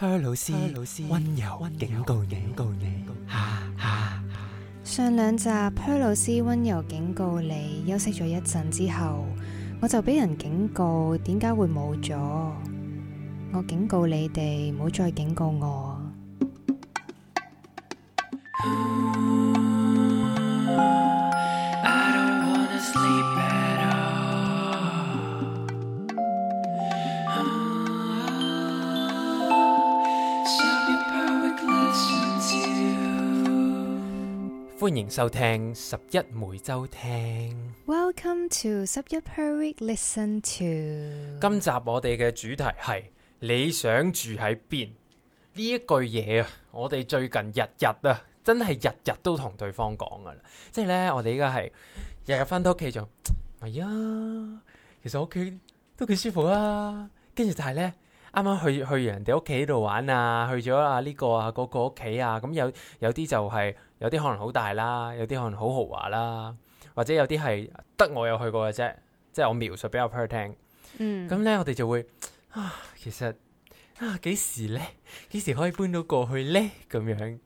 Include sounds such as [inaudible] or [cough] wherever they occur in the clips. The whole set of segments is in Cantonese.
Per 老師溫 Per, 柔警告柔警告你，上兩集，Per 老師溫柔警告你。休息咗一陣之後，我就俾人警告，點解會冇咗？我警告你哋，唔好再警告我。收聽拾壹每周聽，Welcome to 十一 per week listen to。今集我哋嘅主題係你想住喺邊呢一句嘢啊。我哋最近日日啊，真係日日都同對方講噶啦，即係咧，我哋依家係日日翻到屋企就哎呀。其實屋企都幾舒服啊。跟住就係咧。啱啱，去去人哋屋企度玩啊，去咗啊呢、這個啊嗰、那個屋企啊，咁、嗯、有有啲就係、是、有啲可能好大啦，有啲可能好豪華啦，或者有啲係得我有去過嘅啫，即係我描述俾阿 Per 聽。咁咧、嗯、我哋就會啊，其實啊幾時呢？幾時可以搬到過去呢？咁樣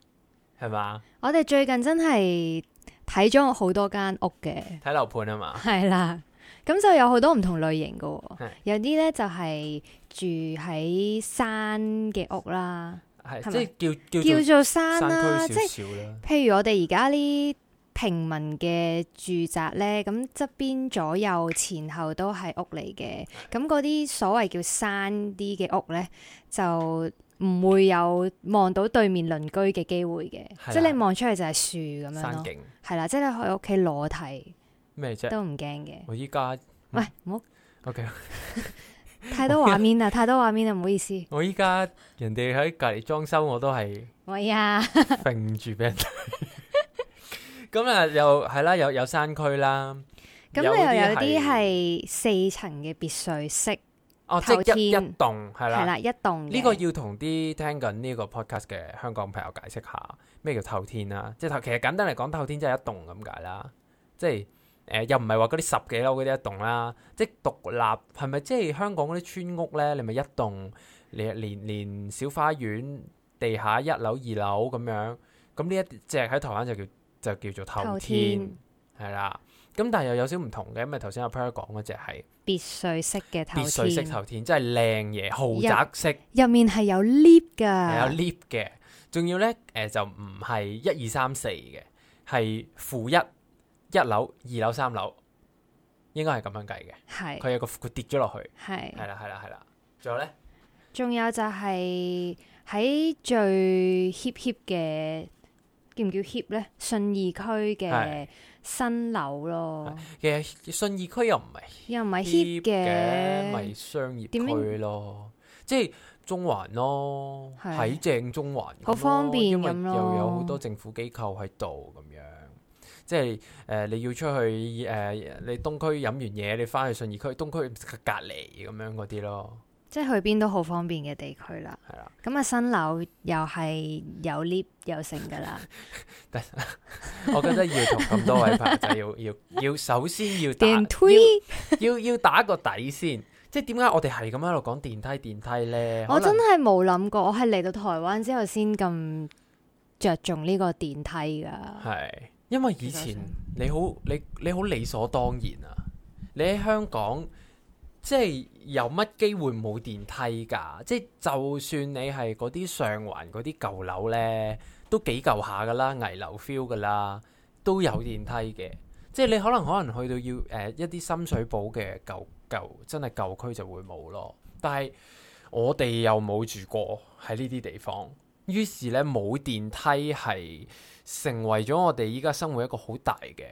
係嘛？我哋最近真係睇咗好多間屋嘅睇樓盤啊嘛，係啦。咁就有好多唔同類型嘅、哦，的有啲咧就係、是、住喺山嘅屋啦，係即係叫叫做山啦，即係譬如我哋而家呢平民嘅住宅咧，咁側邊左右前後都係屋嚟嘅，咁嗰啲所謂叫山啲嘅屋咧，就唔會有望到對面鄰居嘅機會嘅，的即係你望出去就係樹咁樣咯，係啦景，即係喺屋企裸體。咩啫？都唔驚嘅。我依家、嗯、喂，唔好。O Okay . K， [laughs] 太多畫面啦，呀太多畫面啦，唔好意思。我依家人哋喺隔籬裝修，我都係。我喂呀，瞓住俾人睇。咁 [laughs] 啊，又係啦，有有，有山區啦，又、嗯、有啲係四層嘅別墅式。哦，天即係一一棟係啦，係啦，一棟。呢個要同啲聽緊呢個 podcast 嘅香港朋友解釋下咩叫透天啦、啊，即係其實簡單嚟講，透天即係一棟咁解啦，即係。誒，又唔係話嗰啲十幾樓嗰啲一棟啦，即係獨立，係咪即係香港嗰啲村屋咧？你咪一棟，你連連小花園，地下一樓、二樓咁樣，咁呢一隻喺台灣就叫就叫做透天，係啦。咁但係又有少唔同嘅，因為頭先阿 Pray 講嗰隻係別墅式嘅透天，別墅式透天，即係靚嘢，豪宅式，入面係有 lift 噶，係有 lift 嘅，仲要咧，誒就唔係一二三四嘅，係負一。一樓、二樓、三樓，應該係咁樣計嘅。係佢是有個佢跌咗落去。係係啦，係啦，係啦。仲有咧？仲有就係喺最 hip hip 嘅叫唔叫 hip 咧？信義區嘅新樓咯。其實信義區又唔係又唔係 hip 嘅，咪的商業區咯，樣即係中環咯，喺的正中環好方便咁咯，又有好多政府機構喺度咁樣。即係誒、呃，你要出去誒、呃，你東區飲完嘢，你翻去信義區，東區隔隔籬咁樣嗰啲咯。即係去邊都好方便嘅地區啦。係啦，咁啊新樓又係有 lift 又成噶啦。我覺得要同咁多位朋友仔要要要，要要首先要打電梯， [laughs] 要要打個底先。即係點解我哋係咁喺度講電梯電梯咧？我真係冇諗過，我係嚟到台灣之後先咁着重呢個電梯噶。係。因為以前你好你你好理所當然啊！你喺香港即係有乜機會冇電梯㗎？即係就算你係嗰啲上環嗰啲舊樓呢，都幾舊下㗎啦，危樓 feel 㗎啦，都有電梯嘅。即係你可能可能去到要誒、呃、一啲深水埗嘅舊舊真係舊區就會冇咯。但係我哋又冇住過喺呢啲地方。於是咧，冇電梯係成為咗我哋依家生活一個好大嘅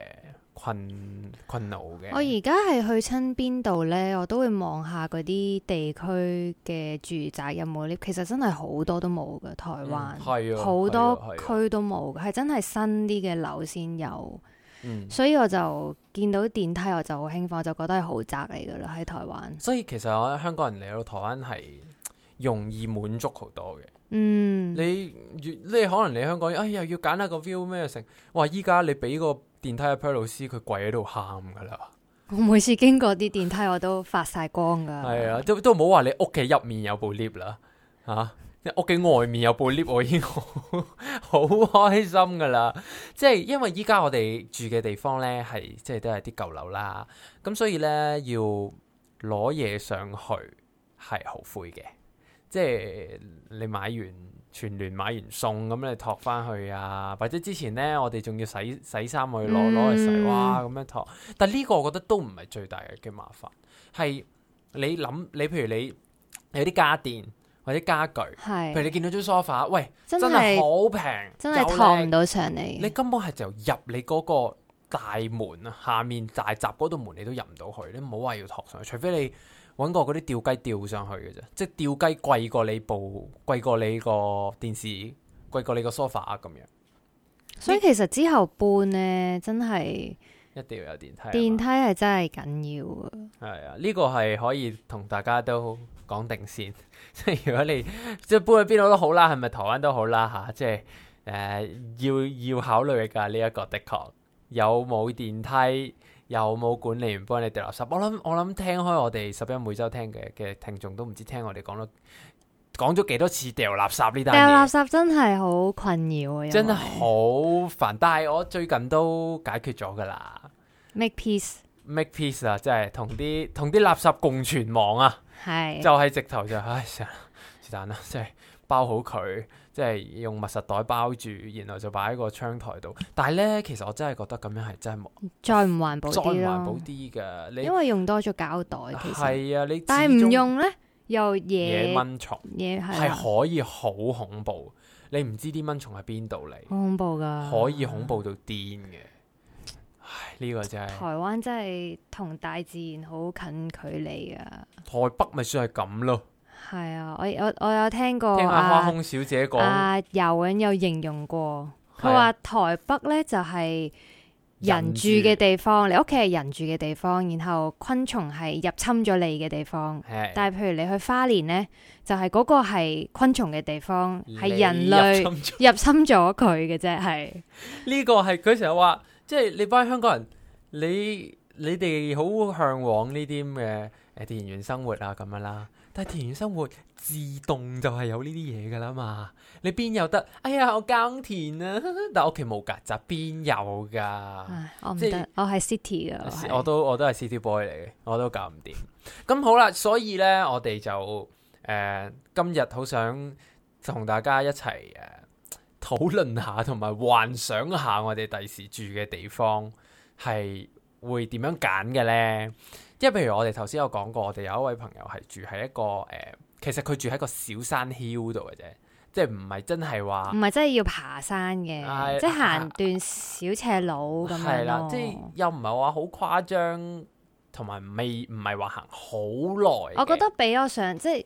困困惱嘅。我而家係去親邊度呢？我都會望下嗰啲地區嘅住宅有冇 lift？其實真係好多都冇嘅，台灣、嗯、好多區都冇，係真係新啲嘅樓先有。嗯、所以我就見到電梯，我就好興奮，我就覺得係豪宅嚟噶啦。喺台灣，所以其實我覺得香港人嚟到台灣係容易滿足好多嘅。嗯，你越你可能你香港，哎呀，要揀下個 view 咩成哇！依家你俾個電梯嘅 per 老師，佢跪喺度喊噶啦。我每次經過啲電梯， [laughs] 我都發晒光噶。係啊，都都唔好話你屋企入面有部 lift 啦，吓、啊，你屋企外面有部 lift 我已經好 [laughs] 開心噶啦。即係因為依家我哋住嘅地方咧，係即係都係啲舊樓啦。咁所以咧，要攞嘢上去係好灰嘅。即係你買完全聯買完餸，咁你托返去啊！或者之前呢，我哋仲要洗洗衫去攞攞去洗，哇咁樣托，但呢個我覺得都唔係最大嘅麻煩，係你諗你，譬如你，你有啲家電或者傢俱，是譬如你見到張梳化，喂，真係好平，真係托唔到上嚟。你根本係就入你嗰個大門啊，下面大閘嗰度門你都入唔到去，你唔好話要托上去，除非你。揾過嗰啲吊雞吊上去嘅啫，即係吊雞貴過你部貴過你個電視，貴過你個 sofa 咁樣。所以其實之後搬咧，真係一定要有電梯。電梯係真係緊要啊！係啊，呢、這個係可以同大家都講定先。即 [laughs] 係如果你即係搬去邊度都好啦，係咪台灣都好啦吓、啊？即係誒、呃，要要考慮噶呢一個的確有冇電梯。有冇管理員幫你掉垃圾？我諗我諗聽開我哋十一每周聽嘅嘅聽眾都唔知聽我哋講咗講咗幾多次掉垃圾呢單掉垃圾真係好困擾啊！真係好煩，但係我最近都解決咗噶啦。Make peace，make peace 啊！即係同啲同啲垃圾共存亡啊！係就係直頭就唉，算啦，是但啦，即係包好佢。即係用密實袋包住，然後就擺喺個窗台度。但係咧，其實我真係覺得咁樣係真係再唔環保，再唔環保啲噶。你因為用多咗膠袋其實，係啊，你但係唔用咧，又惹蚊蟲，係、啊、可以好恐怖。你唔知啲蚊蟲喺邊度嚟，恐怖噶，可以恐怖到癲嘅。嗯、唉，呢、這個真係台灣真係同大自然好近距離啊。台北咪算係咁咯。係啊，我我我有聽過阿、啊、花空小姐講、啊，阿遊、啊、人有形容過，佢話、啊、台北咧就係、是、人住嘅地方，你屋企係人住嘅地方，然後昆蟲係入侵咗你嘅地方。啊、但係，譬如你去花蓮呢，就係、是、嗰個係昆蟲嘅地方，係人類入侵咗佢嘅啫。係呢 [laughs] 個係佢成日話，即係你班香港人，你你哋好向往呢啲嘅誒田園生活啊，咁樣啦。但係田園生活自動就係有呢啲嘢㗎啦嘛，你邊有得？哎呀，我耕田啊，但係屋企冇曱甴，邊有㗎？我唔得即，我係 city 㗎，我都我都係 city boy 嚟嘅，我都搞唔掂。咁 [laughs] 好啦，所以咧，我哋就誒、呃、今日好想同大家一齊誒討論下，同埋幻想下我哋第時住嘅地方係會點樣揀嘅咧？即係譬如我哋頭先有講過，我哋有一位朋友係住喺一個誒、呃，其實佢住喺一個小山丘度嘅啫，即係唔係真係話，唔係真係要爬山嘅，哎、即係行段小斜路咁樣咯。啊、即係又唔係話好誇張，同埋未唔係話行好耐。我覺得比我想即係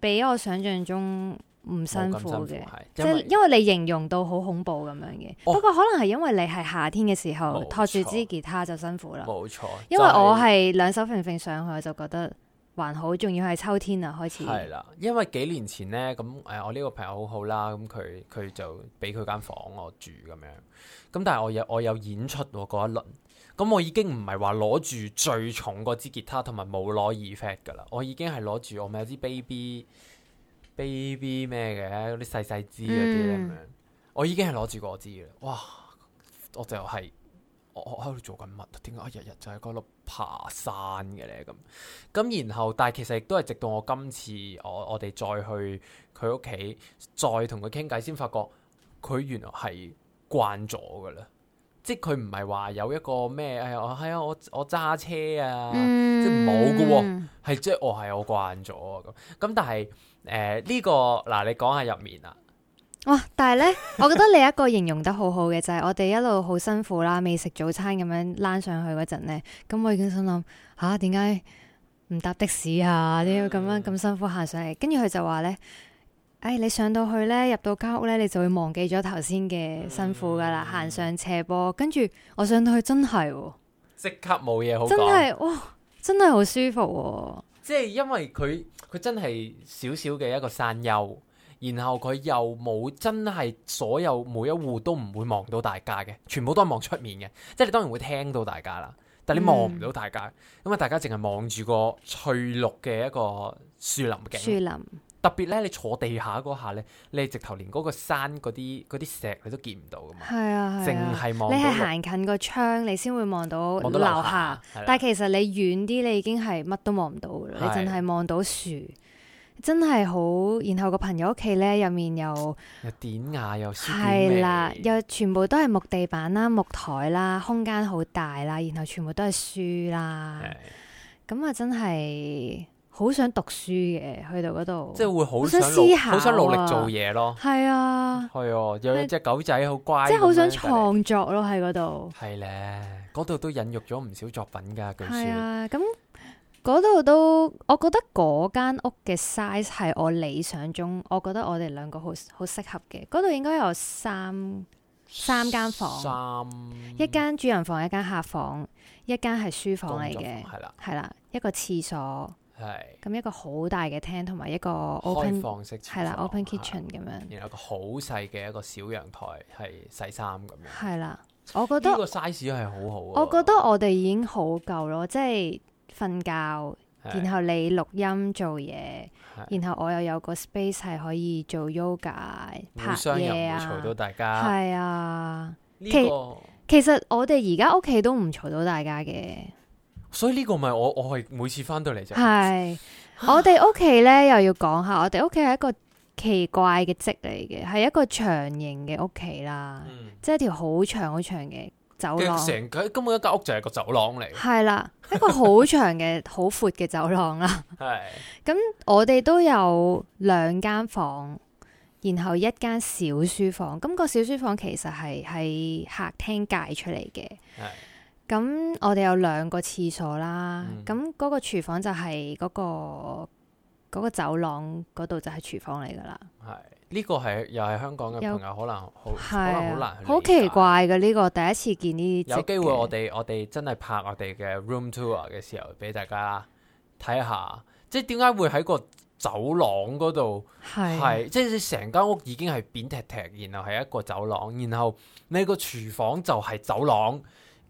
比我想像中。唔辛苦嘅，即係因為你形容到好恐怖咁樣嘅。哦、不過可能係因為你係夏天嘅時候錯托住支吉他就辛苦啦。冇錯錯，因為我係兩手揈揈上去，就是、我就覺得還好。仲要係秋天啊，開始係啦。因為幾年前呢，咁誒、哎、我呢個朋友好好啦，咁佢佢就俾佢間房我住咁樣。咁但係我有我有演出嗰一輪，咁我已經唔係話攞住最重嗰支吉他，同埋冇攞 effect 噶啦。我已經係攞住我咪有支 baby。baby 咩嘅嗰啲細細支嗰啲咁樣，小小嗯、我已經係攞住嗰支嘅，哇！我就係、是、我我喺度做緊乜？點解日日就喺嗰度爬山嘅咧？咁咁然後，但係其實亦都係直到我今次我我哋再去佢屋企，再同佢傾偈，先發覺佢原來係慣咗噶啦，即係佢唔係話有一個咩，哎呀，係啊，我我揸車啊，嗯、即係冇噶喎，係即係我係我慣咗咁咁，但係。誒，呢個嗱，你講下入面啦。哇！但係呢，我覺得你一個形容得好好嘅，就係我哋一路好辛苦啦，未食早餐咁樣躝上去嗰陣呢。咁我已經心諗吓，點解唔搭的士啊？你要咁樣咁辛苦行上嚟？跟住佢就話呢，誒，你上到去呢，入到間屋呢，你就會忘記咗頭先嘅辛苦噶啦，行上斜坡。跟住我上到去真係，即刻冇嘢好講。真係。哇，真係好舒服。即係因為佢。佢真係少少嘅一個山丘，然後佢又冇真係所有，每一戶都唔會望到大家嘅，全部都係望出面嘅，即係你當然會聽到大家啦，但係你望唔到大家，嗯、因為大家淨係望住個翠綠嘅一個樹林景。特別咧，你坐地下嗰下咧，你係直頭連嗰個山嗰啲啲石你都見唔到噶嘛？係啊，係啊。你係行近個窗，你先會望到，到樓下。望到樓下。啊、但係其實你遠啲，你已經係乜都望唔到啦。啊、你淨係望到樹，真係好。然後個朋友屋企咧入面又又典雅又係啦，又、啊、全部都係木地板啦、木枱啦，空間好大啦，然後全部都係樹啦。咁啊，真係～好想讀書嘅，去到嗰度，即係會好想,想思考、啊，好想努力做嘢咯。係啊，係、哦就是、啊，有一隻狗仔好乖，即係好想創作咯。喺嗰度係咧，嗰度都孕育咗唔少作品噶。據說。係啊，咁嗰度都，我覺得嗰間屋嘅 size 係我理想中，我覺得我哋兩個好好適合嘅。嗰度應該有三三間房，三一間主人房，一間客房，一間係書房嚟嘅，係啦，係啦，一個廁所。係，咁一個好大嘅廳同埋一個 open, 開放式，係啦，open kitchen 咁對樣。然後個好細嘅一個小陽台係洗衫咁樣。係啦，我覺得呢個 size 係我好好。我覺得我哋已經好夠咯，即係瞓覺，是然後你錄音做嘢，是然後我又有個 space 係可以做 yoga 拍嘢啊，嘈到大家。係啊，其這個 其實我哋而家屋企都唔嘈到大家嘅。所以呢個咪我我係每次返到嚟就係、是是啊、我哋屋企咧又要講下我哋屋企係一個奇怪嘅積嚟嘅，係一個長形嘅屋企啦，嗯、即係一條好長好長嘅走廊，成個根本一間屋就係個走廊嚟，嘅啦，係啦 [laughs] 一個好長嘅好闊嘅走廊啦。係咁 [laughs] [laughs] 我哋都有兩間房，然後一間小書房，咁、個小書房其實係喺客廳界出嚟嘅。咁我哋有兩個廁所啦，咁嗰、嗯、個廚房就係嗰、嗰個、嗰個走廊嗰度就係廚房嚟噶啦。係呢、呢個係又係香港嘅朋友有可能好、啊、可能好難，好奇怪嘅呢、呢個第一次見呢。啲。有機會我哋我哋真係拍我哋嘅 room tour 嘅時候，俾大家睇下，即係點解會喺個走廊嗰度係，啊、即係成間屋已經係扁踢踢，然後係一個走廊，然後你個廚房就係走廊。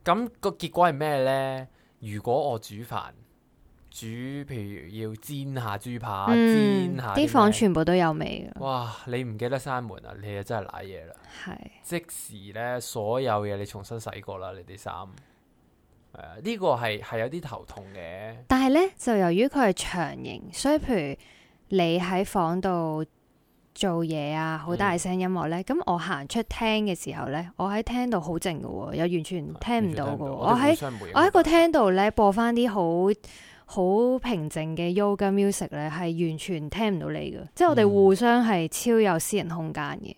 咁個結果係咩呢？如果我煮飯，煮譬如要煎下豬扒，嗯、煎下啲房全部都有味嘅。哇！你唔記得閂門啊！你又真係瀨嘢啦。係是即時呢，所有嘢你重新洗過啦，你啲衫。呢、呃這個係係有啲頭痛嘅。但係呢，就由於佢係長形，所以譬如你喺房度，做嘢啊，好大聲音樂呢。咁、嗯、我行出廳嘅時候呢，我喺廳度好靜嘅喎、哦，又完全聽唔到嘅喎在。我喺我喺個廳度呢，播返啲好好平靜嘅 yoga music 呢，係完全聽唔到你嘅。嗯、即係我哋互相係超有私人空間嘅，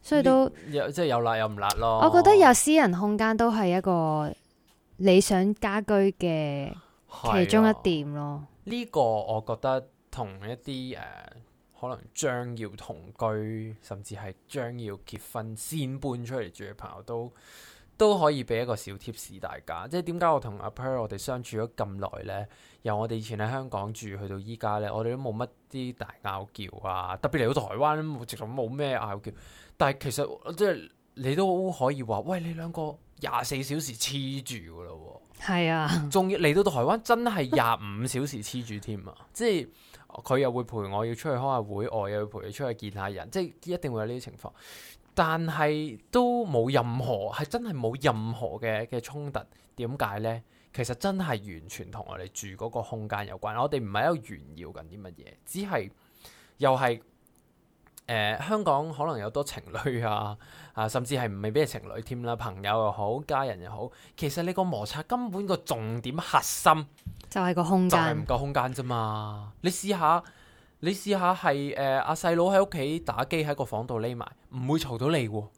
所以都即係有辣有唔辣咯。我覺得有私人空間都係一個理想家居嘅其中一點咯。呢個我覺得同一啲誒。可能將要同居，甚至係將要結婚先搬出嚟住嘅朋友都都可以俾一個小貼士大家。即係點解我同阿 Pearl 我哋相處咗咁耐呢？由我哋以前喺香港住去到依家呢，我哋都冇乜啲大拗撬啊。特別嚟到台灣，直情冇咩拗撬。但係其實即係你都可以話，喂，你兩個廿四小時黐住㗎喇喎。係啊，仲要嚟到台灣真係廿五小時黐住添啊！即係。佢又會陪我要出去開下會，我又要陪佢出去見下人，即係一定會有呢啲情況。但係都冇任何，係真係冇任何嘅嘅衝突。點解呢？其實真係完全同我哋住嗰個空間有關。我哋唔係喺度炫耀緊啲乜嘢，只係又係誒、呃、香港可能有多情侶啊啊，甚至係未必係情侶添啦，朋友又好，家人又好。其實你個摩擦根本個重點核心，就係個空間，就係唔夠空間啫嘛。你試下，你試下係誒阿細佬喺屋企打機喺個房度匿埋，唔會嘈到你啊。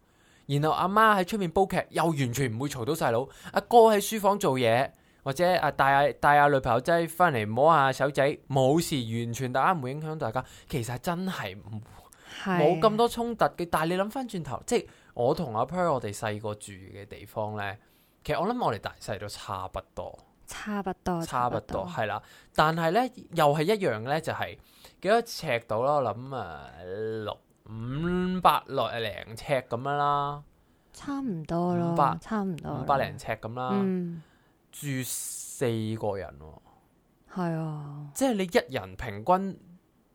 然後阿媽喺出面煲劇，又完全唔會嘈到細佬。阿哥喺書房做嘢，或者阿帶阿帶阿女朋友仔翻嚟摸下手仔，冇事，完全大家唔會影響大家。其實真係冇冇咁多衝突嘅。但係你諗翻轉頭，即係我同阿 Per，我哋細個住嘅地方呢，其實我諗我哋大細都差不多。差不多，差不多係啦。但係呢，又係一樣呢就係、是、幾多尺度啦。我諗啊，六五百六零尺咁樣啦，差唔多咯，五百五百差唔多五百零尺咁啦。嗯、住四個人，係啊，即係你一人平均，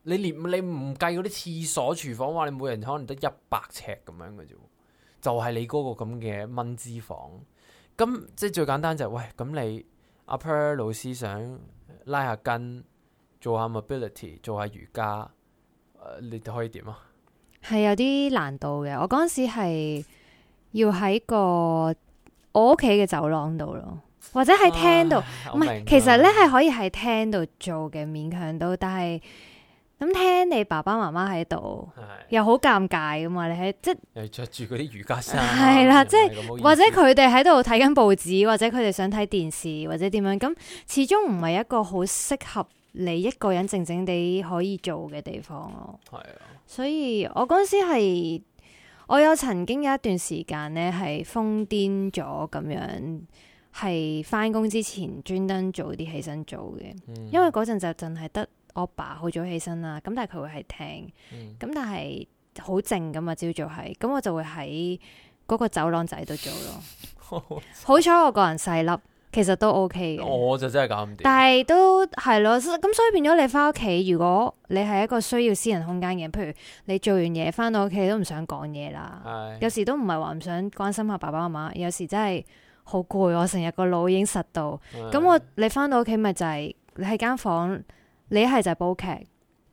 你連你唔計嗰啲廁所、廚房話，你每人可能得一百尺咁樣嘅啫。就係、是、你嗰個咁嘅蚊子房，咁即係最簡單就係、是、喂，咁你。阿 Per 老師想拉下筋，做下 mobility，做下瑜伽，呃、你都可以點啊？係有啲難度嘅，我嗰陣時係要喺個我屋企嘅走廊度咯，或者喺廳度，唔係、啊，是其實咧係可以喺廳度做嘅，勉強到，但係。咁聽你爸爸媽媽喺度，的又好尷尬噶嘛，你喺即係又着住嗰啲瑜伽衫，係啦的，即係或者佢哋喺度睇緊報紙，或者佢哋想睇電視，或者點樣？咁始終唔係一個好適合你一個人靜靜地可以做嘅地方咯。係啊的，所以我嗰時係我有曾經有一段時間呢，係瘋癲咗咁樣，係翻工之前專登早啲起身做嘅，嗯、因為嗰陣就淨係得。.我爸好早起身啦，咁但係佢會係聽，咁、嗯、但係好靜噶嘛，朝早係咁，我就會喺嗰個走廊仔度做咯。 [laughs] 好彩我個人細粒，其實都 O K 嘅。我就真係搞唔掂，但係都係咯，咁所以變咗你翻屋企，如果你係一個需要私人空間嘅，譬如你做完嘢翻到屋企你都唔想講嘢啦，唉有時都唔係話唔想關心下爸爸媽媽。有時真係好攰，我成日個腦已經實到咁。唉我你翻到屋企咪就係你喺間房。你一係就煲劇，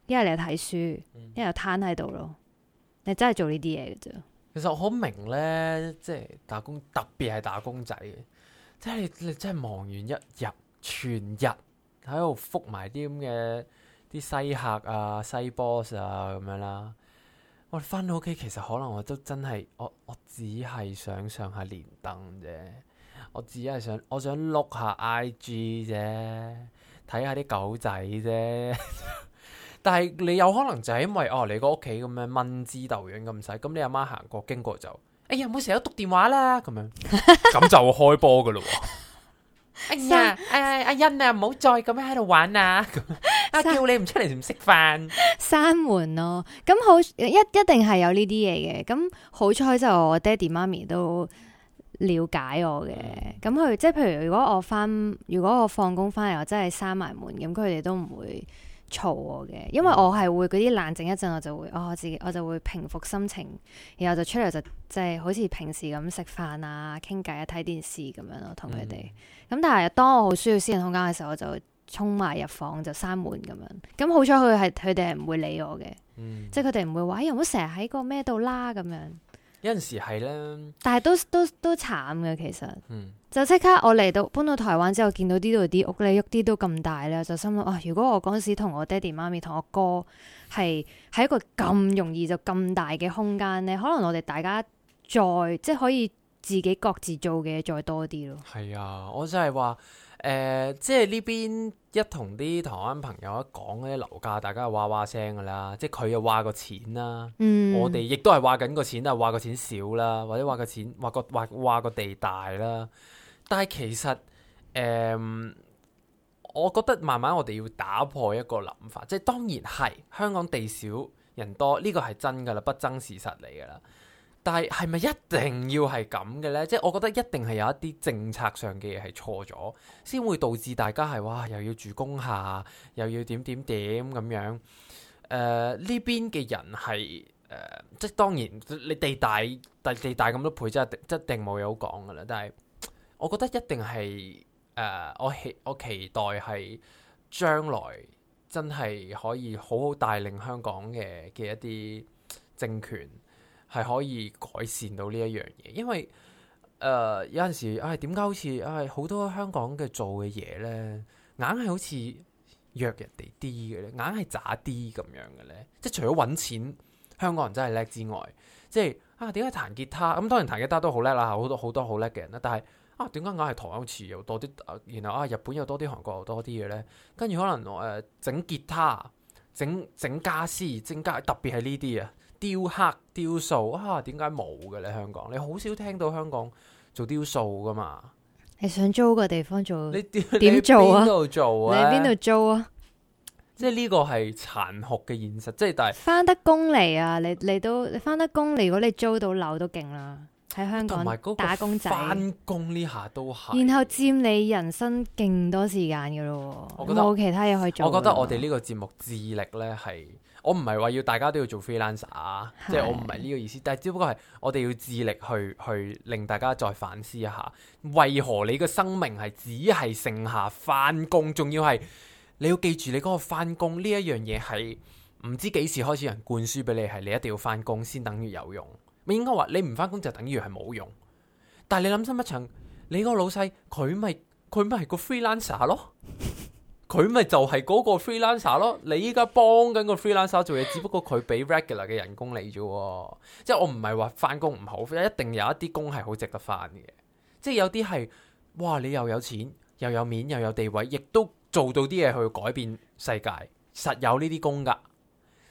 一係你睇書，一係就癱喺度咯。嗯、你真係做呢啲嘢嘅啫。其實我好明咧，即係打工，特別係打工仔嘅，即係你，你真係忙完一日，全日喺度覆埋啲咁嘅啲西客啊、西 boss 啊咁樣啦。我哋翻到屋企，其實可能我都真係，我我只係想上下連登啫，我只係想我想碌下 IG 啫。睇下啲狗仔啫，但係你有可能就係因為哦，你個屋企咁樣蚊滋竇樣咁使，咁你阿媽行過經過就，哎呀，唔好成日篤電話啦，咁樣，咁就會開波噶咯。哎呀，誒誒，阿欣啊，唔好再咁樣喺度玩啊，阿叫你唔出嚟唔食飯，閂門咯。咁好一一定係有呢啲嘢嘅，咁好彩就我爹哋媽咪都。了解我嘅，咁佢即係譬如，如果我返，如果我放工返嚟，我真係閂埋門，咁佢哋都唔會嘈我嘅，因為我係會嗰啲冷靜一陣，我就會哦，自己我就會平復心情，然後就出嚟就即係好似平時咁食飯啊、傾偈啊、睇電視咁樣咯，同佢哋。咁、嗯、但係當我好需要私人空間嘅時候，我就衝埋入房就閂門咁樣。咁好彩佢係佢哋係唔會理會我嘅，嗯、即係佢哋唔會話，哎呀，唔好成日喺個咩度啦咁樣。有陣時係咧，但係都都都慘嘅其實，嗯、就即刻我嚟到搬到台灣之後，見到呢度啲屋咧，喐啲都咁大咧，就心諗啊，如果我嗰陣時同我爹哋媽咪同我哥係喺一個咁容易就咁大嘅空間咧，可能我哋大家再即係可以自己各自做嘅再多啲咯。係啊，我真係話。誒、呃，即係呢邊一同啲台灣朋友一講嗰啲樓價，大家哇哇聲噶啦。即係佢又話個錢啦，嗯、我哋亦都係話緊個錢啦，話個錢少啦，或者話個錢話個話話個地大啦。但係其實，誒、呃，我覺得慢慢我哋要打破一個諗法，即係當然係香港地少人多，呢個係真噶啦，不爭事實嚟噶啦。但係係咪一定要係咁嘅呢？即係我覺得一定係有一啲政策上嘅嘢係錯咗，先會導致大家係哇又要住公下，又要點點點咁樣。誒、呃、呢邊嘅人係誒、呃，即係當然你地大地地大咁多倍，即係一定冇有講㗎喇。但係我覺得一定係誒、呃，我期我期待係將來真係可以好好帶領香港嘅嘅一啲政權。係可以改善到呢一樣嘢，因為誒、呃、有陣時，唉點解好似唉好多香港嘅做嘅嘢呢？硬係好似弱人哋啲嘅咧，硬係渣啲咁樣嘅呢。即係除咗揾錢，香港人真係叻之外，即係啊點解彈吉他咁？當然彈吉他都好叻啦，好多好多好叻嘅人啦。但係啊點解硬係台灣詞又多啲，然後啊日本又多啲，韓國又多啲嘅呢？跟住可能誒整、呃、吉他、整整家私、整家特別係呢啲啊～雕刻雕塑啊，點解冇嘅咧？你香港你好少聽到香港做雕塑噶嘛？你想租個地方做？你點做啊？你喺邊度租啊？即係呢個係殘酷嘅現實，即係但係翻得工嚟啊！你你都你翻得工嚟，如果你租到樓都勁啦。喺香港打工仔翻工呢下都係，然後佔你人生勁多時間噶咯。我覺得冇其他嘢去做。我覺得我哋呢個節目智力咧係。我唔係話要大家都要做 freelancer，的即係我唔係呢個意思。但係只不過係我哋要致力去去令大家再反思一下，為何你嘅生命係只係剩下返工？仲要係你要記住你嗰個返工呢一樣嘢係唔知幾時開始有人灌輸俾你係你一定要返工先等於有用。咪應該話你唔返工就等於係冇用。但係你諗深一層，你嗰個老細佢咪佢咪係個 freelancer 咯？佢咪就係嗰個 freelancer 咯，你依家幫緊個 freelancer 做嘢，只不過佢俾 regular 嘅人工你啫，哦，即係我唔係話翻工唔好，一定有一啲工係好值得翻嘅，即係有啲係，哇，你又有錢又有面又有地位，亦都做到啲嘢去改變世界，實有呢啲工噶，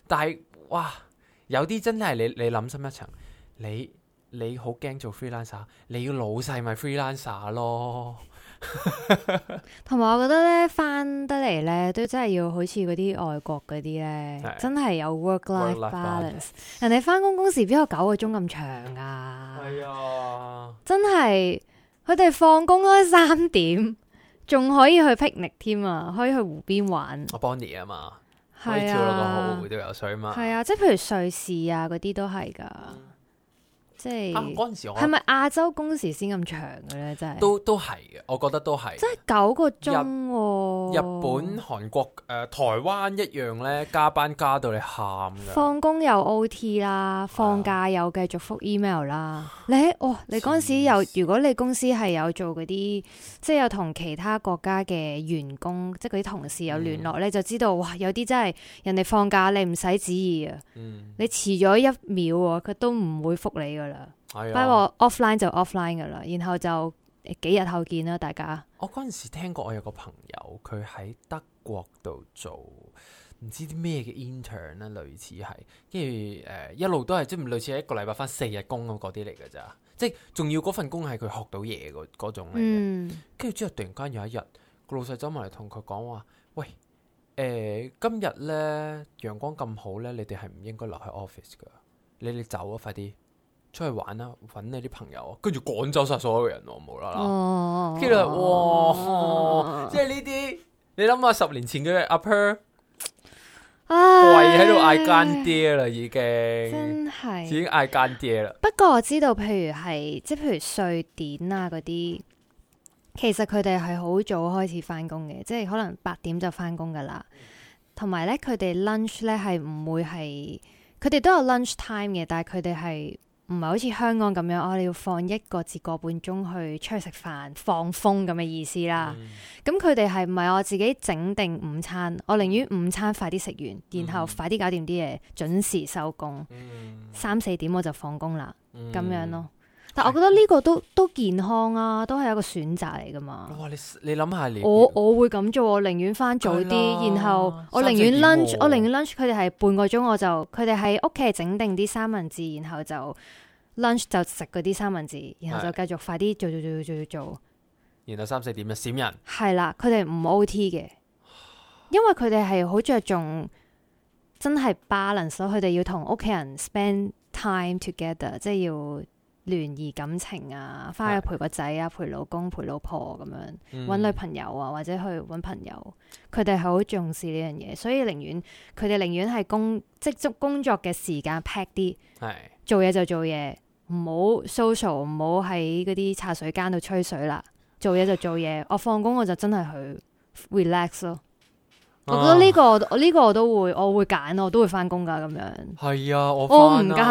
但係哇，有啲真係你你諗深一層，你你好驚做 freelancer，你要老細咪 freelancer 咯。同埋， [laughs] 我覺得咧翻得嚟咧都真係要好似嗰啲外國嗰啲咧，的真係有 work-life balance。Work life balance。人哋翻工工時邊有九個鐘咁長啊？係啊、哎呦，真係佢哋放工開三點，仲可以去 picnic 添啊，可以去湖邊玩。我 Bonnie 啊嘛，可以游水啊嘛。係啊的，即係譬如瑞士啊嗰啲都係噶。嗯。即係，係咪、啊、亞洲工時先咁長嘅咧？真係都都係嘅，我覺得都係。即係九個鐘、啊，日本、韓國、誒、呃、台灣一樣咧，加班加到你喊嘅。放工又 OT 啦，放假又繼續覆 email 啦。啊、你喺哇、哦，你嗰陣時又，如果你公司係有做嗰啲，即係有同其他國家嘅員工，即係嗰啲同事有聯絡咧，嗯、你就知道哇，有啲真係人哋放假你唔使旨意啊。你遲咗、嗯、一秒喎，佢都唔會覆你噶啦。係啊，不、哎、過 offline 就 offline 噶啦，然後就幾日後見啦，大、呃、家。我嗰陣時聽過，我有個朋友佢喺德國度做唔知啲咩嘅 intern 啦，類似係跟住誒一路都係即唔類似係一個禮拜翻四日工咁嗰啲嚟噶咋，即係仲要嗰份工係佢學到嘢嗰嗰種嚟嘅。跟住之後突然間有一日，個老細走埋嚟同佢講話：喂，誒、呃，今日咧陽光咁好咧，你哋係唔應該留喺 office 噶，你哋走啊，快啲！出去玩啦，揾你啲朋友，跟住趕走晒所有人，我冇啦啦。跟住話哇，即係呢啲你諗下十年前嘅 upper 喺度嗌幹爹啦，已經真係已經嗌幹爹啦。不過我知道譬，譬如係即係譬如瑞典啊嗰啲，其實佢哋係好早開始翻工嘅，即係可能八點就翻工噶啦。同埋咧，佢哋 lunch 咧係唔會係佢哋都有 lunch time 嘅，但係佢哋係。唔係好似香港咁樣，我哋、哦、要放一個至一個半鐘去出去食飯放風咁嘅意思啦。咁佢哋係唔係我自己整定午餐？我寧願午餐快啲食完，然後快啲搞掂啲嘢，準時收工，嗯、三四點我就放工啦。咁樣、嗯、咯。但我覺得呢個都都健康啊，都係一個選擇嚟㗎嘛。你你諗下你我我會咁做，我寧願返早啲，啦然後我寧願 lunch，、啊、我寧願 lunch 佢哋係半個鐘，我就佢哋喺屋企整定啲三文治，然後就 lunch 就食嗰啲三文治，然後就繼續快啲做做做做做做，然後三四點就閃人。係啦，佢哋唔 OT 嘅，因為佢哋係好著重真係 balance 咯，佢哋要同屋企人 spend time together，即係要。聯誼感情啊，翻去陪個仔啊，陪老公陪老婆咁樣，揾女朋友啊，或者去揾朋友，佢哋係好重視呢樣嘢，所以寧願佢哋寧願係工即係工作嘅時間劈啲，做嘢就做嘢，唔好 social，唔好喺嗰啲茶水間度吹水啦，做嘢就做嘢，我放工我就真係去 relax 咯。我覺得呢、這個這個我呢個我都會，我會揀，我都會翻工噶咁樣。係啊，我我唔介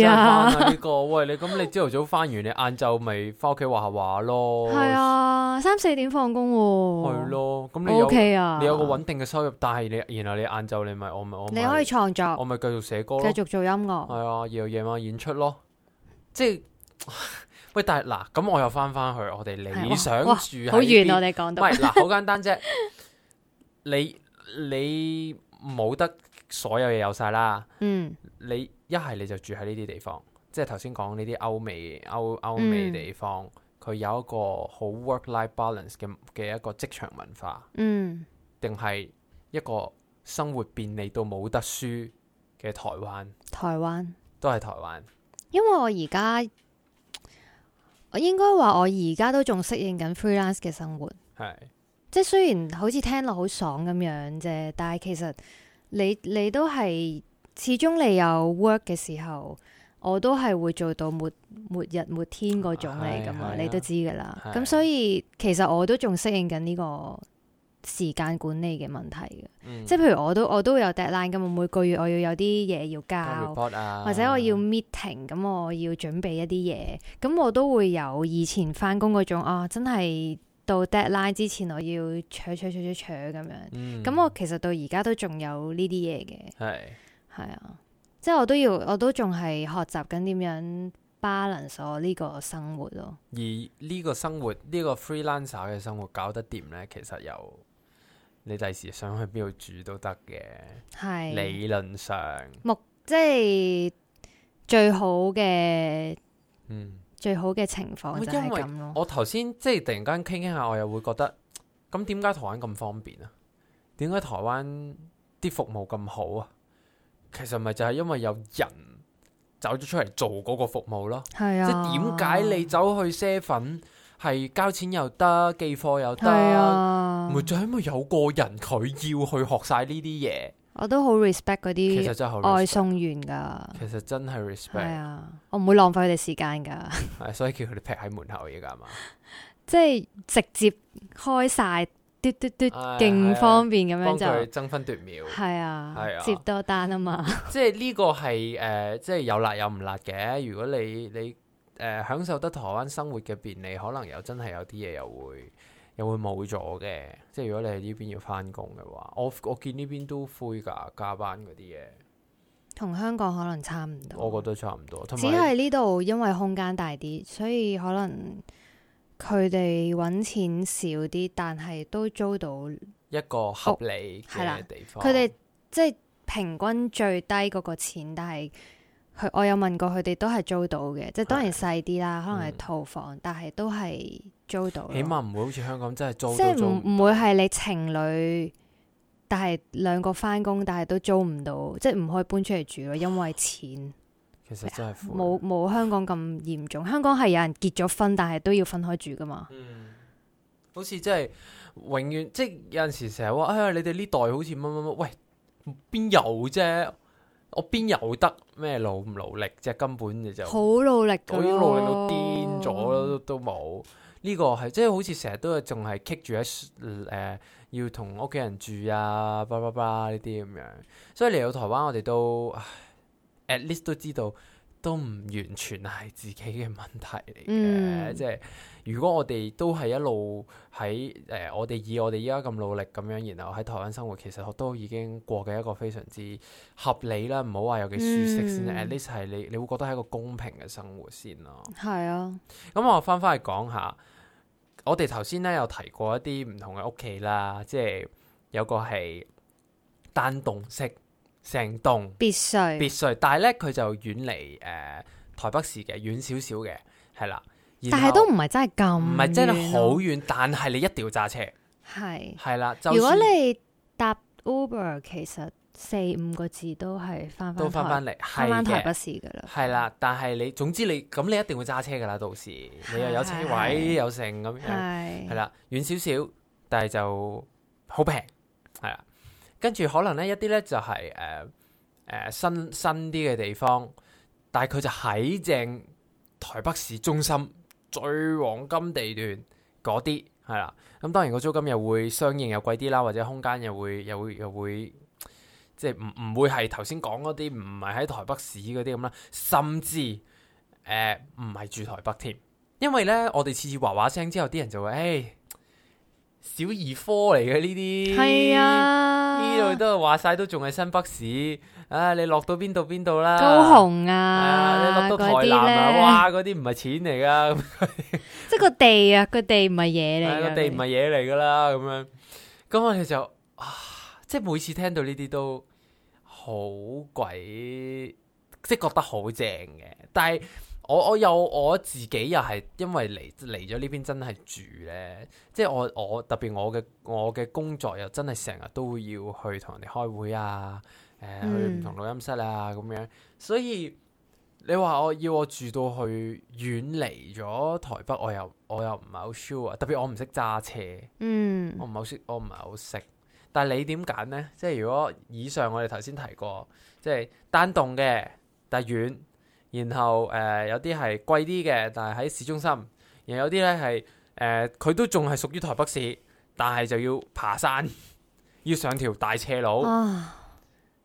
意啊。呢、這個喂，你咁你朝頭早翻完，你晏晝咪翻屋企畫下畫咯。係 [laughs] 我啊，三四點放工，啊。係咯，啊，咁你 OK 啊？你有個穩定嘅收入，但係你然後你晏晝你咪我咪我。你可以創作。我咪繼續寫歌咯。繼續做音樂。係啊，又夜晚演出咯。即係喂，但係嗱，咁我又翻翻去，我哋理想住喺邊？好遠，我哋講到。喂，嗱，好簡單啫， [laughs] 你。你冇得所有嘢有晒啦。嗯，你一係你就住喺呢啲地方，即係頭先講呢啲歐美歐歐美地方，佢有一個好 work-life balance 嘅嘅一個職場文化。嗯，定係一個生活便利到冇得輸嘅台灣。台灣都係台灣，因為我而家我應該話我而家都仲適應緊 freelance 嘅生活。係。即係雖然好似聽落好爽咁樣啫，但係其實你你都係始終你有 work 嘅時候，我都係會做到末末日末天嗰種嚟噶嘛，對對對，你都知噶啦。咁對所以其實我都仲適應緊呢個時間管理嘅問題嘅。嗯、即係譬如我都我都有 deadline 噶嘛，每個月我要有啲嘢要交，啊、或者我要 meeting，咁我要準備一啲嘢，咁我都會有以前翻工嗰種啊，真係～到 deadline 之前，我要扯扯扯扯扯咁樣。咁我其實到而家都仲有呢啲嘢嘅。係係啊，即係我都要，我都仲係學習緊點樣 balance 我呢個生活咯。而呢個生活，呢個 freelancer 嘅生活搞得掂呢，其實有你第時想去邊度住都得嘅。係理論上，目即係最好嘅。嗯。最好嘅情況就係咁，因為我頭先即係突然間傾傾下，我又會覺得咁點解台灣咁方便啊？點解台灣啲服務咁好啊？其實咪就係因為有人走咗出嚟做嗰個服務咯。係是啊，即。即係點解你走去卸粉，係交錢又得，寄貨又得，咪就係因為有個人佢要去學晒呢啲嘢。我都好 respect 嗰啲外送員噶，其實真係 respect。係啊，我唔會浪費佢哋時間噶。係， [laughs] 所以叫佢哋劈喺門口而家嘛， [laughs] 即係直接開晒，嘟嘟嘟，勁、哎、呀方便咁樣就爭分奪秒。係啊，係啊，啊接多單啊嘛。 [laughs] 即係呢個係誒、呃，即係有辣有唔辣嘅。如果你你誒、呃、享受得台灣生活嘅便利，可能又真係有啲嘢又會。又會冇咗嘅，即係如果你喺呢邊要返工嘅話，我我見呢邊都灰噶，加班嗰啲嘢，同香港可能差唔多，我覺得差唔多，只係呢度因為空間大啲，所以可能佢哋揾錢少啲，但係都租到一個合理嘅地方。佢哋、哦、即係平均最低嗰個錢，但係。佢我有問過佢哋都係租到嘅，即係當然細啲啦，可能係套房，嗯、但係都係租到。起碼唔會好似香港真係租，租到，即係唔唔會係你情侶，但係兩個返工，但係都租唔到，即係唔可以搬出嚟住咯，因為錢。其實真係冇冇香港咁嚴重。香港係有人結咗婚，但係都要分開住㗎嘛。嗯、好似真係永遠，即係有陣時成日話：哎呀，你哋呢代好似乜乜乜，喂，邊有啫？我邊有得咩？努唔努力啫，即根本就好努力，我已經努力到癲咗咯，都冇呢、這個係即係好似成日都仲係 keep 住喺誒、呃、要同屋企人住啊，巴拉巴拉呢啲咁樣，所以嚟到台灣我哋都唉 at least 都知道都唔完全係自己嘅問題嚟嘅，嗯、即係。如果我哋都係一路喺誒、呃，我哋以我哋依家咁努力咁樣，然後喺台灣生活，其實我都已經過嘅一個非常之合理啦，唔好話有幾舒適先，at least 係你你會覺得係一個公平嘅生活先咯。係啊，咁我返返去講下，我哋頭先咧有提過一啲唔同嘅屋企啦，即係有個係單棟式成棟別墅別墅，但係咧佢就遠離誒、呃、台北市嘅遠少少嘅，係啦。但係都唔係真係咁唔係真係好遠，遠嗯、但係你一定要揸車。係係啦，的的如果你搭 Uber，其實四五個字都係翻翻都翻翻嚟，翻翻台北市噶啦。係啦，但係你總之你咁你一定會揸車噶啦，到時的你又有車位又剩咁樣係啦，遠少少，但係就好平係啦。跟住可能呢一啲呢就係誒誒新新啲嘅地方，但係佢就喺正台北市中心。最黃金地段嗰啲係啦，咁當然個租金又會相應又貴啲啦，或者空間又會又會又會，即係唔唔會係頭先講嗰啲，唔係喺台北市嗰啲咁啦，甚至誒唔係住台北添，因為呢，我哋次次話話聲之後，啲人就話誒、hey, 小兒科嚟嘅呢啲。係啊。呢度、啊、都話晒，都仲係新北市啊！你落到邊度邊度啦？高雄啊，啊你落到台南啊，哇！嗰啲唔係錢嚟噶，即係個地啊，個地唔係嘢嚟，個地唔係嘢嚟噶啦咁樣。咁我其實，即係每次聽到呢啲都好鬼，即係覺得好正嘅，但係。我我又我自己又係因為嚟嚟咗呢邊真係住咧，即係我我特別我嘅我嘅工作又真係成日都要去同人哋開會啊，誒、呃、去唔同錄音室啊咁樣，所以你話我要我住到去遠離咗台北，我又我又唔係好 sure 啊，特別我唔識揸車，嗯我，我唔係好識，我唔係好識。但係你點揀呢？即係如果以上我哋頭先提過，即係單棟嘅，但係遠。然後誒、呃，有啲係貴啲嘅，但係喺市中心；然後有啲咧係誒，佢、呃、都仲係屬於台北市，但係就要爬山， [laughs] 要上條大斜路。啊，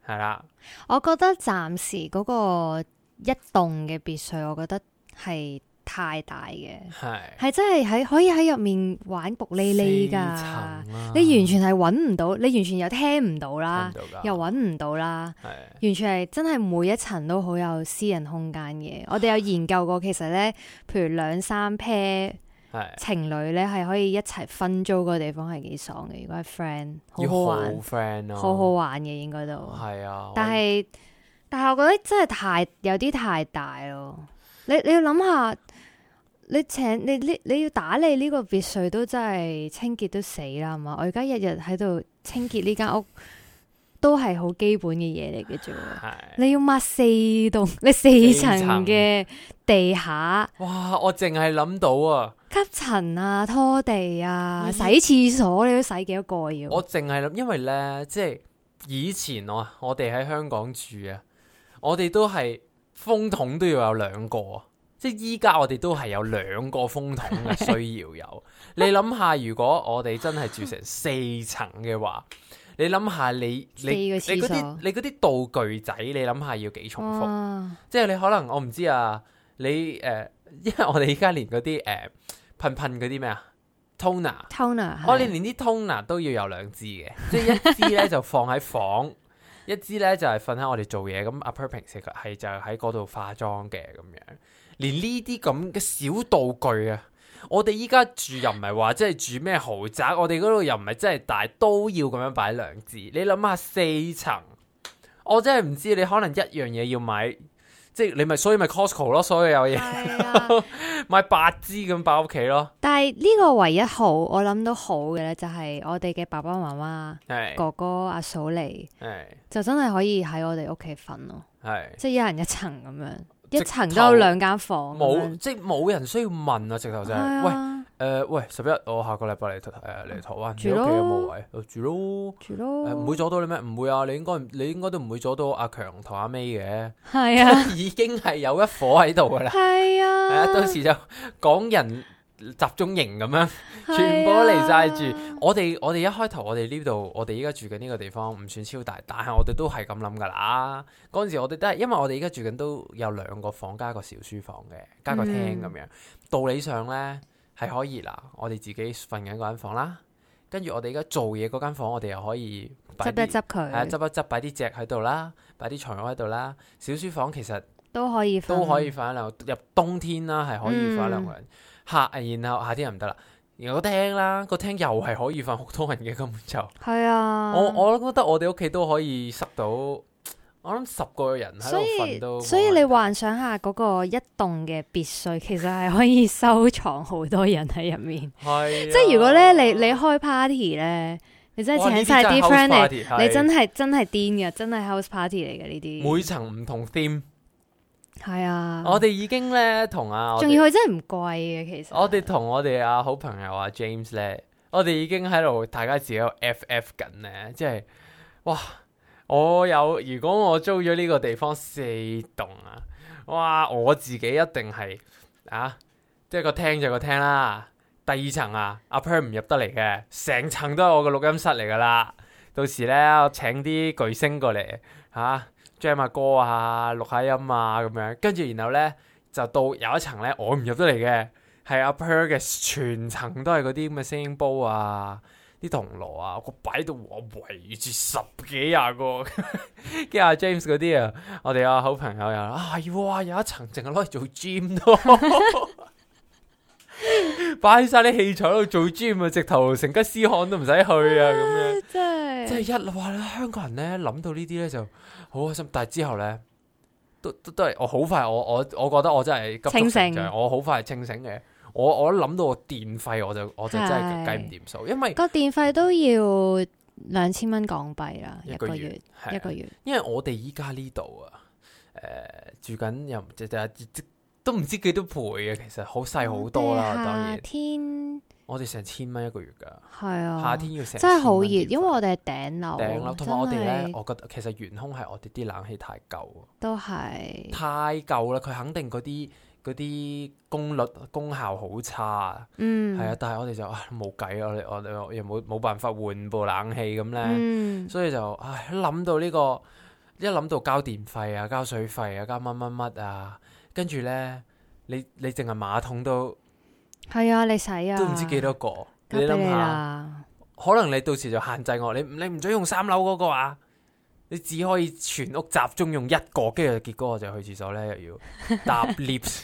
係啦。我覺得暫時嗰個一棟嘅別墅，我覺得係。太大嘅，係係真係喺可以喺入面玩伏匿匿㗎，你完全係揾唔到，你完全又聽唔到啦，又揾唔到啦，完全係真係每一層都好有私人空間嘅。我哋有研究過，其實咧，譬如兩三 pair 情侶咧，係可以一齊分租個地方，係幾爽嘅。如果係 friend，好好玩，好好玩嘅應該都係啊。但係但係，我覺得真係太有啲太大咯。你你要諗下。你請，你呢，你要打理你呢個別墅都真係清潔都死啦，係嘛？我而家日日喺度清潔呢間屋，都係好基本嘅嘢嚟嘅啫。 [laughs] 你要抹四棟，你四層嘅地下，哇！我淨係諗到啊，吸塵啊，拖地啊，嗯、洗廁所，你都洗幾多個要、啊？我淨係諗，因為咧，即係以前我我哋喺香港住啊，我哋都係風筒都要有兩個。即係依家我哋都係有兩個風筒嘅， [laughs] 需要有。你諗下，如果我哋真係住成四層嘅話， [laughs] 你諗下你你你啲你啲道具仔，你諗下要幾重複？哇即係你可能我唔知啊。你誒、呃，因為我哋依家連嗰啲誒噴噴嗰啲咩啊 toner，toner，我哋連啲 toner [laughs] 都要有兩支嘅，即係一支咧 [laughs] 就放喺房，一支咧就係瞓喺我哋做嘢。咁阿 Per 平時係就喺嗰度化妝嘅咁樣。連呢啲咁嘅小道具啊，我哋依家住又唔係話即係住咩豪宅，我哋嗰度又唔係真係大，都要咁樣擺兩支。你諗下四層，我真係唔知你可能一樣嘢要買，即係你咪所以咪 Costco 咯，所以有嘢、啊、 [laughs] 買八支咁擺屋企咯。但係呢個唯一好，我諗到好嘅咧，就係我哋嘅爸爸媽媽、的哥哥、阿嫂嚟，的就真係可以喺我哋屋企瞓咯，即係的一人一層咁樣。一層都有兩間房，冇，即係冇人需要問啊！直頭就係，喂，誒，喂，十一，我下個禮拜嚟，誒嚟台灣住嘍你屋企有冇位住咯，住咯，唔嘍、呃、會阻到你咩？唔會啊，你應該你應該都唔會阻到阿強同阿 May 嘅。係啊，已經係有一伙喺度噶啦，係啊，當、啊啊、時就講人。集中營咁樣，全部都嚟晒是、啊、住。我哋我哋一開頭，我哋呢度，我哋依家住緊呢個地方唔算超大，但係我哋都係咁諗噶啦。嗰陣時我哋都係，因為我哋而家住緊都有兩個房加一個小書房嘅，加個廳咁樣。嗯、道理上呢，係可以啦，我哋自己瞓緊一間房啦。跟住我哋而家做嘢嗰間房，我哋又可以執一執佢，係執一執擺啲蓆喺度啦，擺啲拾、啊、床褥喺度啦。小書房其實都可以都可以瞓一兩個，入冬天啦，係可以瞓一兩個人。嗯吓，然後夏天又唔得啦。然後個廳啦，個廳又係可以瞓好多人嘅，根本就係啊。我我都覺得我哋屋企都可以塞到，我諗十個人喺度瞓都所。所以你幻想下嗰個一棟嘅別墅，其實係可以收藏好多人喺入面。係、啊， [laughs] 即係如果咧，你你開 party 咧，你真係請晒啲 friend 嚟，真 party, 你真係是真係癲嘅，真係 house party 嚟嘅呢啲。每層唔同 theme。係啊，我哋已經咧同啊，仲要佢真係唔貴嘅。其實我哋同我哋啊好朋友啊 James 咧，我哋已經喺度大家自己度 FF 緊咧，即係哇！我有如果我租咗呢個地方四棟啊，哇！我自己一定係啊，即係個廳就個廳啦，第二層啊，upper、 [music] 啊、唔入得嚟嘅，成層都係我嘅錄音室嚟噶啦。到時咧，我請啲巨星過嚟吓。啊 jam 阿哥啊錄下音啊咁樣，跟住然後咧就到有一層咧我唔入得嚟嘅，係 upper 嘅全層都係嗰啲咁嘅聲煲啊，啲銅鑼啊，我擺到我圍住十幾廿個，跟住阿 James 嗰啲啊，我哋啊好朋友又啊係、哎，有一層淨係攞嚟做 gym 咯，擺晒啲器材喺度做 gym 啊，直頭成吉思汗都唔使去啊咁樣，即係即係一哇，香港人咧諗到呢啲咧就。好開心，但係之後咧，都都係我好快，我我我覺得我真係清醒，我好快清醒嘅，我我諗到電費，我就我就真係計唔掂數，的因為個電費都要兩千蚊港幣啦，一個月一個月，因為我哋依家呢度啊，誒、呃、住緊又就就都唔知幾多倍啊，其實好細好多啦，天當然。我哋成千蚊一個月噶，係啊，啊夏天要成千蚊真係好熱，因為我哋係頂樓，頂樓，同埋的我哋咧，我覺得其實懸空係我哋啲冷氣太舊，都係是 太舊啦，佢肯定嗰啲啲功率功效好差，嗯，係啊，但係我哋就冇計啦，我哋我哋又冇冇辦法換部冷氣咁咧，嗯、所以就唉諗、哎、到呢、呢個一諗到交電費啊，交水費啊，交乜乜乜啊，跟住咧你你淨係馬桶都。係啊，你使啊，都唔知幾多個，你諗、啊、下，可能你到時就限制我，你你唔准用三樓嗰、那個啊，你只可以全屋集中用一個，跟住結果我就去廁所咧又要搭 lift，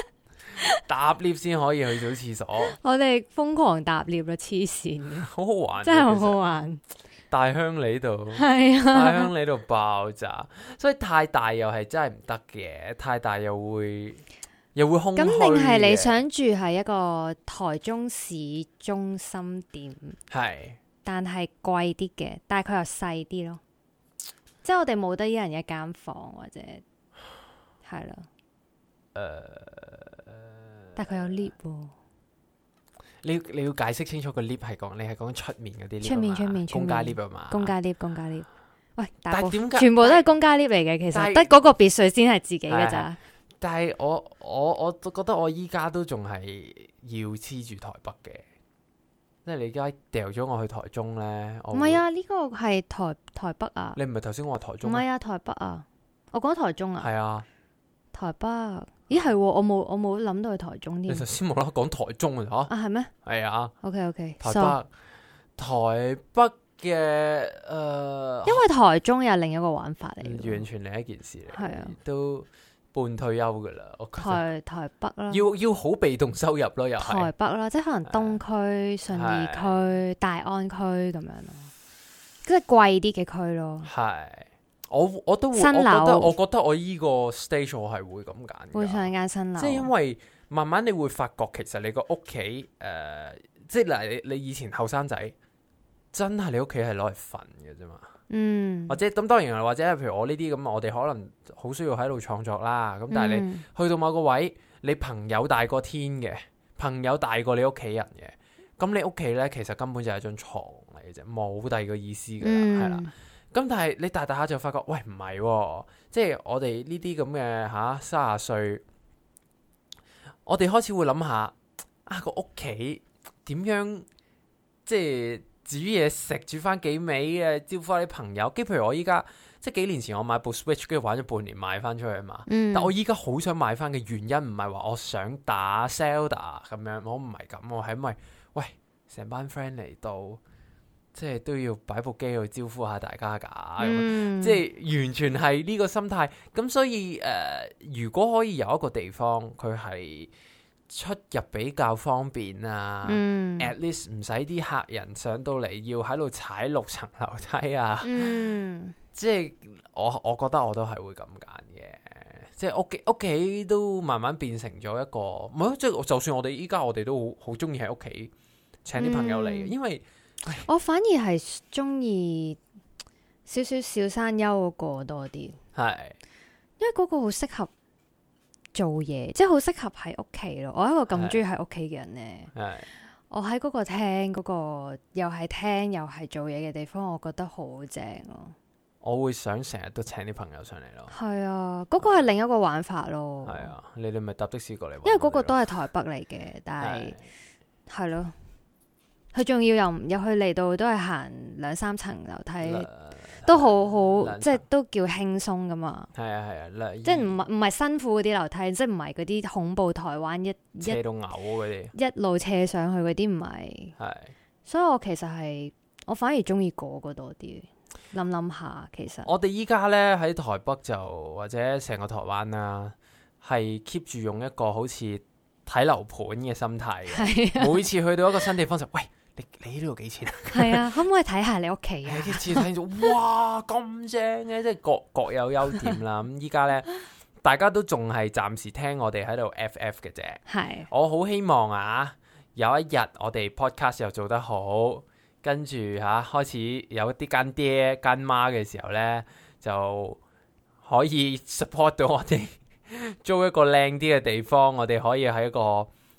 [laughs] 搭 lift 先可以去到廁所。 [laughs] 我哋瘋狂搭 lift 黐線， [laughs] 好玩、啊、好玩，真係好好玩。 [laughs] 大鄉里度係啊，大鄉里度爆炸，所以太大又係真係唔得嘅，太大又會。又會空？咁定係你想住係一個台中市中心店，係是，但係貴啲嘅，但係佢又細啲咯，即係我哋冇得一人一間房間或者係咯。誒，呃、但係佢有 lift 喎、啊呃。你你要解釋清楚個 lift 係講，你係講出面嗰啲 lift 出面出面公家 lift 啊嘛？公家 lift 公家 lift。喂，但係點？全部都係公家 lift 嚟嘅，其實得嗰但個別墅先係自己嘅咋。湖上但係我我我覺得我依家都仲係要黐住台北嘅，即係你而家掉咗我去台中咧，唔係啊，呢、這個係台台北啊，你唔係頭先我話台中？啊，唔係啊，台北啊，我講台中啊，係啊台北，咦係、啊、我冇我冇諗到去台中添，啊，你頭先冇啦講台中啊，啊係咩？係啊，OK OK，台北 So 台北嘅。誒、呃、因為台中又另一個玩法嚟，完全另一件事嚟，係啊，都。半退休噶啦，我台台北啦，要要好被動收入咯，又係台北啦，即係可能東區、信義區，是的 大安區咁樣咯，即係貴啲嘅區咯。係我我都會，新樓 我覺得我覺得我依個 stage 我係會咁揀嘅，會想一間新樓。即係因為慢慢你會發覺，其實你個屋企誒，即係嗱，你你以前後生仔真係你屋企係攞嚟瞓嘅啫嘛。嗯或，或者咁，當然或者譬如我呢啲咁，我哋可能好需要喺度創作啦。咁、嗯、但係你去到某個位，你朋友大過天嘅，朋友大過你屋企人嘅。咁你屋企咧，其實根本就係一張床嚟嘅啫，冇第二個意思嘅，係啦、嗯。咁但係你大大下就發覺，喂唔係、哦，即係我哋呢啲咁嘅吓，卅歲，我哋開始會諗下啊個屋企點樣，即係。煮嘢食，煮翻幾味嘅招呼翻啲朋友。跟譬如我依家，即係幾年前我買部 Switch，跟住玩咗半年，賣翻出去嘛。嗯、但我依家好想買翻嘅原因，唔係話我想打 Selda 咁樣，我唔係咁，我係因為，喂，成班 friend 嚟到，即係都要擺部機去招呼下大家㗎、嗯。即係完全係呢個心態。咁所以誒、呃，如果可以有一個地方，佢係。出入比較方便啊，嗯，at least 唔使啲客人上到嚟要喺度踩六層樓梯啊，嗯， [laughs] 即係我我覺得我都係會咁揀嘅，即係屋企屋企都慢慢變成咗一個唔係，即係就算我哋依家我哋都好好中意喺屋企請啲朋友嚟，嘅、嗯，因為誒我反而係中意少少小山丘嗰個多啲，係是因為嗰個好適合。做嘢即係好適合喺屋企咯，我一個咁中意喺屋企嘅人呢，的我喺嗰個廳嗰、那個又係廳又係做嘢嘅地方，我覺得好正咯。我會想成日都請啲朋友上嚟咯。係啊，嗰、那個係另一個玩法咯。係啊，你哋咪搭的士過嚟，因為嗰個都係台北嚟嘅，但係係咯，佢仲的要又入去嚟到都係行兩三層樓梯。都好好，次即係都叫輕鬆㗎嘛。係啊係啊，即係唔係唔係辛苦嗰啲樓梯，即係唔係嗰啲恐怖台灣，一一路嘔嗰啲，一路斜上去嗰啲唔係。係是。所以我其實係我反而中意過嗰多啲。諗諗下，其實我哋依家咧喺台北就或者成個台灣啦、啊，係 keep 住用一個好似睇樓盤嘅心態、啊、每次去到一個新地方就 [laughs] 喂。你呢度幾錢啊？係 [laughs] 啊，可唔可以睇下你屋企啊？啲設施哇，咁正嘅，即係各各有優點啦。咁依家呢，大家都仲係暫時聽我哋喺度 FF 嘅啫。係是我好希望啊，有一日我哋 podcast 又做得好，跟住吓開始有一啲乾爹乾媽嘅時候呢，就可以 support 到我哋租一個靚啲嘅地方，我哋可以喺一個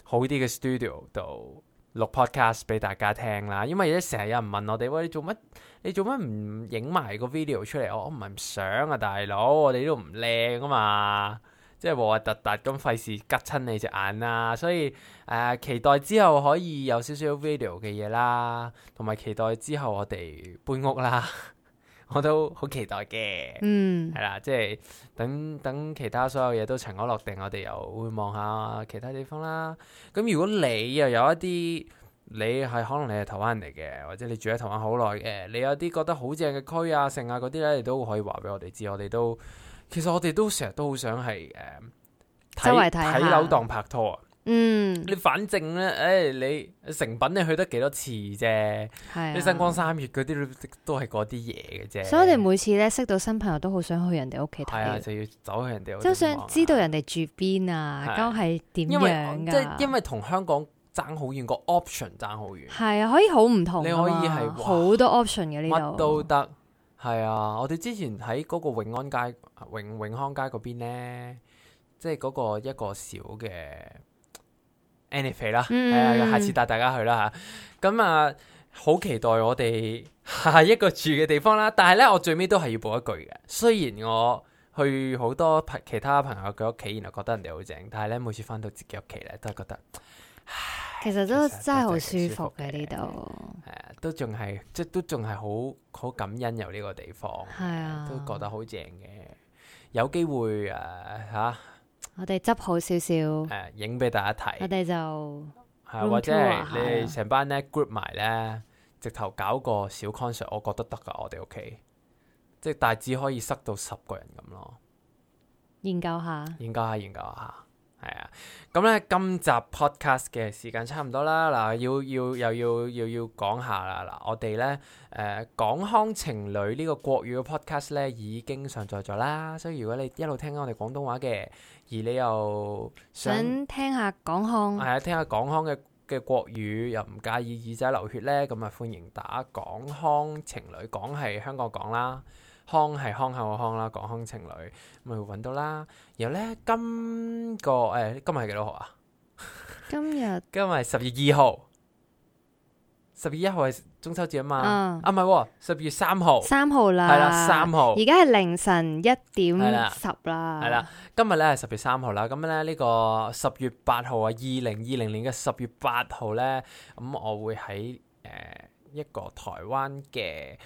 好啲嘅 studio 度。錄 podcast 俾大家聽啦，因為有啲成日有人問我哋，喂，你做乜？你做乜唔影埋個 video 出嚟？我唔係唔想啊，大佬，我哋都唔靚啊嘛，即係和核突突咁費事吉親你隻眼啦。所以誒、呃，期待之後可以有少少 video 嘅嘢啦，同埋期待之後我哋搬屋啦。我都好期待嘅，嗯，係啦，即係等等其他所有嘢都塵埃落定，我哋又會望下其他地方啦。咁如果你又有一啲，你係可能你係台灣人嚟嘅，或者你住喺台灣好耐嘅，你有啲覺得好正嘅區啊、城啊嗰啲呢，你都可以話俾我哋知，我哋都其實我哋都成日都好想係誒，睇、呃、周圍睇下，睇樓當拍拖啊。嗯，你反正咧，誒、哎，你成品你去得幾多次啫？係啲、啊、新光三月嗰啲都都係嗰啲嘢嘅啫。所以，我哋每次咧，識到新朋友，都好想去人哋屋企睇。係啊，就要走去人哋屋企，就想知道人哋住邊啊，都係點樣噶？因為即係、就是、因為同香港爭好遠個 option，爭好遠係啊，可以好唔同。你可以係好多 option 嘅呢度，乜都得係啊。我哋之前喺嗰個永安街永永康街嗰邊咧，即係嗰個一個小嘅。anyway 啦，係啊 Anyway,、嗯，下次帶大家去啦吓。咁啊，好期待我哋下一個住嘅地方啦。但係咧，我最尾都係要補一句嘅。雖然我去好多其他朋友嘅屋企，然後覺得人哋好正，但係咧，每次翻到自己屋企咧，都係覺得，其實都真係好舒服嘅呢度。係裡啊，都仲係即都仲係好好感恩有呢個地方。係啊，都覺得好正嘅。有機會誒吓。啊看看我哋執好少少，啊，誒影俾大家睇。我哋就係啊，或者你哋成班咧 [music] group 埋咧，直頭搞個小 concert，我覺得得㗎。我哋屋企即係，大致可以塞到十個人咁咯。研究下，研究下，研究下，研究下。係啊，咁咧、嗯、今集 podcast 嘅時間差唔多啦，嗱要要又要又要講下啦，嗱我哋咧誒港腔情侶呢個國語嘅 podcast 咧已經上載咗啦，所以如果你一路聽，聽我哋廣東話嘅，而你又想，想聽下港腔，係啊、哎、聽下港腔嘅嘅國語又唔介意耳仔流血咧，咁、嗯、啊歡迎打港腔情侶講係香港講啦。康係康口嘅康啦，講康情侶咪會搵到啦。然後咧，今個誒、哎、今日係幾多號啊？ [laughs] 今日天 今日係十月二號，十月一號係中秋節啊嘛。嗯、啊唔係，十月三號，三號啦，係啦，三號。而家係凌晨一點十啦，係啦。係啦，今日咧係十月三號啦。咁咧呢、呢個十月八號啊，二零二零年嘅十月八號咧，咁、嗯、我會喺誒、呃、一個台灣嘅。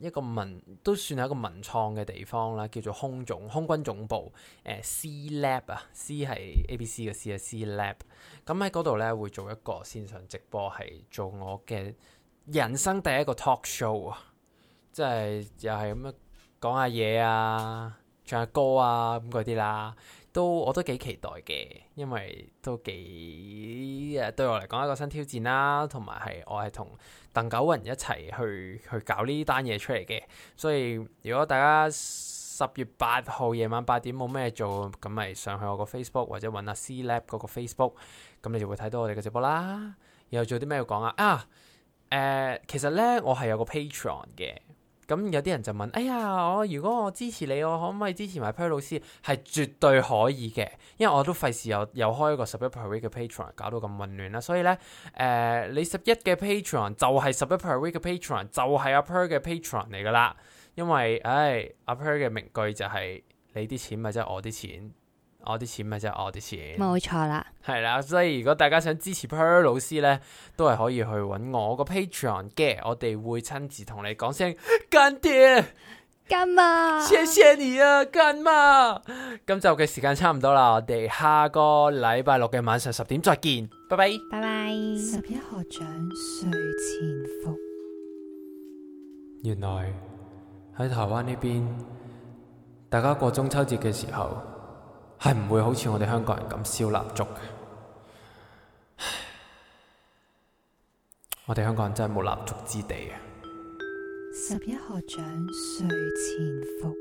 一個文都算係一個文創嘅地方啦，叫做空總空軍總部，誒、呃、C Lab 啊，C 係 A B C 嘅 C 啊，C Lab。咁喺嗰度呢，會做一個線上直播，係做我嘅人生第一個 talk show 啊，即係又係咁樣講下嘢啊，唱下歌啊咁嗰啲啦。都我都幾期待嘅，因為都幾誒對我嚟講一個新挑戰啦，同埋係我係同鄧九雲一齊去去搞呢單嘢出嚟嘅。所以如果大家十月八號夜晚八點冇咩做，咁咪上去我個 Facebook 或者揾下 C Lab 嗰個 Facebook，咁你就會睇到我哋嘅直播啦。然後做啲咩要講啊？啊誒、呃，其實呢，我係有個 Patreon 嘅。咁有啲人就問：哎呀，我如果我支持你，我可唔可以支持埋 Per 老師？係絕對可以嘅，因為我都費事又又開一個十一 Per Week 嘅 Patron，搞到咁混亂啦。所以咧，誒、呃，你十一嘅 Patron 就係十一 Per Week 嘅 Patron，就係阿、啊、Per 嘅 Patron 嚟噶啦。因為，唉、哎，阿 Per 嘅名句就係、是：你啲錢咪即係我啲錢。我啲錢咪就係我啲錢，冇錯啦。係啦，所以如果大家想支持 Per 老師咧，都係可以去搵我個 Patreon 嘅，我哋會親自同你講聲乾爹乾媽。謝謝你啊，乾媽。今集嘅時間差唔多啦，我哋下個禮拜六嘅晚上十點再見，拜拜。拜拜。十一學長睡前服，原來喺台灣呢邊，大家過中秋節嘅時候，係唔會好似我哋香港人咁燒蠟燭嘅，我哋香港人真係冇蠟燭之地啊！十一學長睡前服。